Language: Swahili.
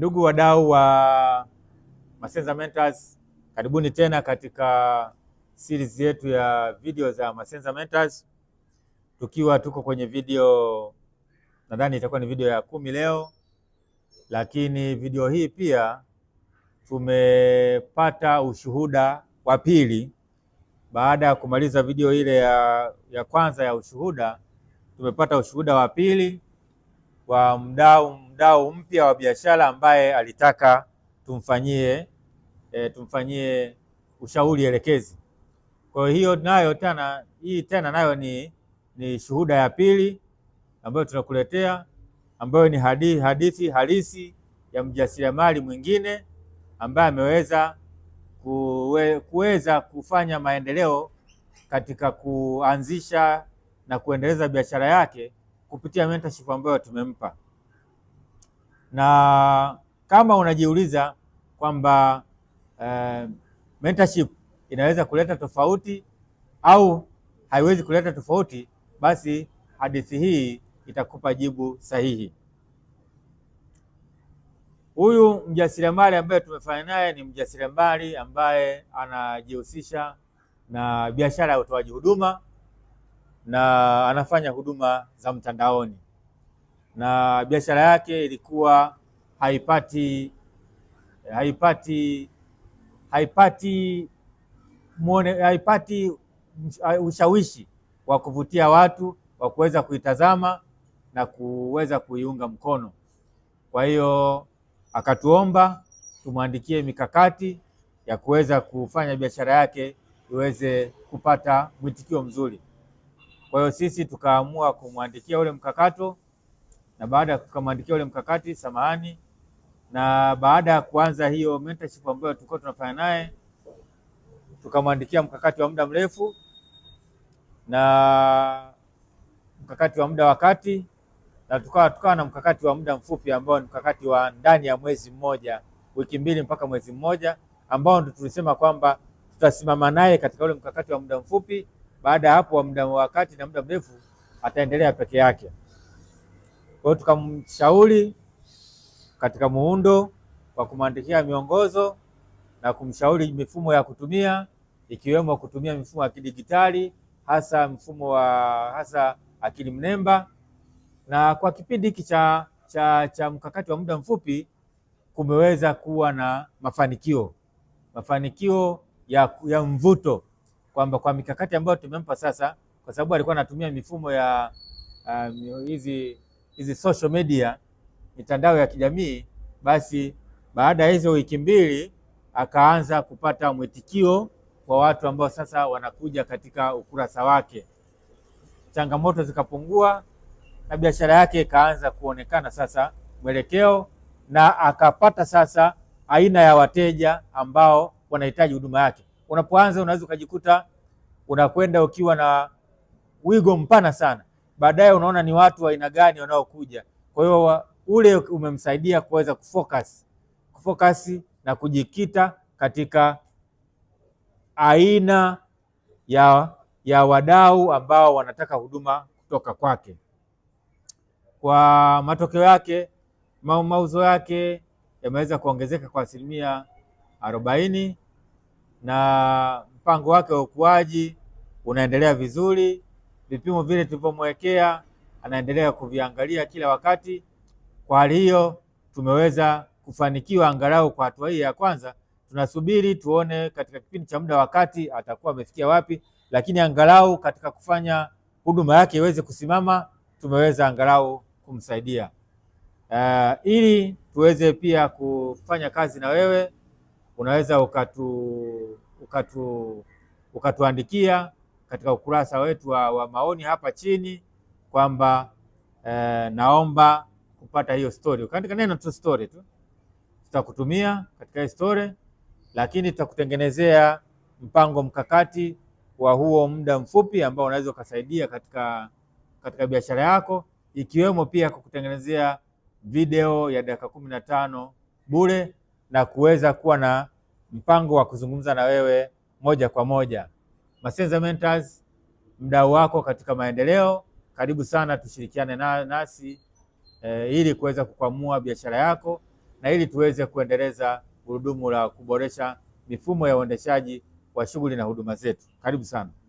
Ndugu wadau wa Masenza Mentors, karibuni tena katika series yetu ya video za Masenza Mentors, tukiwa tuko kwenye video, nadhani itakuwa ni video ya kumi leo, lakini video hii pia tumepata ushuhuda wa pili baada ya kumaliza video ile ya, ya kwanza ya ushuhuda, tumepata ushuhuda wa pili kwa mdau mdau mpya wa biashara ambaye alitaka tumfanyie e, tumfanyie ushauri elekezi. Kwa hiyo nayo tena hii tena nayo ni, ni shuhuda ya pili ambayo tunakuletea ambayo ni hadithi, hadithi halisi ya mjasiriamali mwingine ambaye ameweza kuweza kufanya maendeleo katika kuanzisha na kuendeleza biashara yake kupitia mentorship ambayo tumempa. Na kama unajiuliza kwamba eh, mentorship inaweza kuleta tofauti au haiwezi kuleta tofauti, basi hadithi hii itakupa jibu sahihi. Huyu mjasiriamali ambaye tumefanya naye ni mjasiriamali ambaye anajihusisha na biashara ya utoaji huduma na anafanya huduma za mtandaoni na biashara yake ilikuwa haipati haipati haipati muone, haipati ushawishi wa kuvutia watu wa kuweza kuitazama na kuweza kuiunga mkono. Kwa hiyo akatuomba tumwandikie mikakati ya kuweza kufanya biashara yake iweze kupata mwitikio mzuri. Kwa hiyo sisi tukaamua kumwandikia ule mkakato, na baada ya kumwandikia ule mkakati, samahani, na baada ya kuanza hiyo mentorship ambayo tulikuwa tunafanya naye, tukamwandikia mkakati wa muda mrefu na mkakati wa muda wa kati na tukawa tukawa na mkakati wa muda mfupi ambao ni mkakati wa ndani ya mwezi mmoja, wiki mbili mpaka mwezi mmoja, ambao ndo tulisema kwamba tutasimama naye katika ule mkakati wa muda mfupi baada ya hapo muda wa wakati na muda mrefu ataendelea peke yake. Kwa hiyo tukamshauri katika muundo kwa kumwandikia miongozo na kumshauri mifumo ya kutumia ikiwemo kutumia mifumo ya kidigitali hasa mfumo wa hasa akili mnemba, na kwa kipindi hiki cha, cha, cha mkakati wa muda mfupi kumeweza kuwa na mafanikio mafanikio ya, ya mvuto kwamba kwa mikakati ambayo tumempa sasa, kwa sababu alikuwa anatumia mifumo ya um, hizi um, social media, mitandao ya kijamii, basi baada ya hizo wiki mbili akaanza kupata mwitikio kwa watu ambao sasa wanakuja katika ukurasa wake, changamoto zikapungua na biashara yake ikaanza kuonekana sasa mwelekeo, na akapata sasa aina ya wateja ambao wanahitaji huduma yake unapoanza unaweza ukajikuta unakwenda ukiwa na wigo mpana sana, baadaye unaona ni watu wa aina gani wanaokuja. Kwa hiyo ule umemsaidia kuweza kufocus, kufocus na kujikita katika aina ya, ya wadau ambao wanataka huduma kutoka kwake. Kwa matokeo yake mauzo yake yameweza kuongezeka kwa asilimia arobaini na mpango wake wa ukuaji unaendelea vizuri. Vipimo vile tulivyomwekea anaendelea kuviangalia kila wakati. Kwa hali hiyo, tumeweza kufanikiwa angalau kwa hatua hii ya kwanza. Tunasubiri tuone katika kipindi cha muda wa kati atakuwa amefikia wapi, lakini angalau katika kufanya huduma yake iweze kusimama, tumeweza angalau kumsaidia. Uh, ili tuweze pia kufanya kazi na wewe unaweza ukatu, ukatu, ukatuandikia katika ukurasa wetu wa, wa maoni hapa chini kwamba eh, naomba kupata hiyo story. Ukaandika neno tu story tu, tutakutumia katika hiyo story, lakini tutakutengenezea mpango mkakati wa huo muda mfupi ambao unaweza ukasaidia katika, katika biashara yako ikiwemo pia kukutengenezea video ya dakika kumi na tano bure na kuweza kuwa na mpango wa kuzungumza na wewe moja kwa moja. Masenza Mentors, mdau wako katika maendeleo, karibu sana tushirikiane na nasi e, ili kuweza kukwamua biashara yako na ili tuweze kuendeleza gurudumu la kuboresha mifumo ya uendeshaji wa shughuli na huduma zetu. Karibu sana.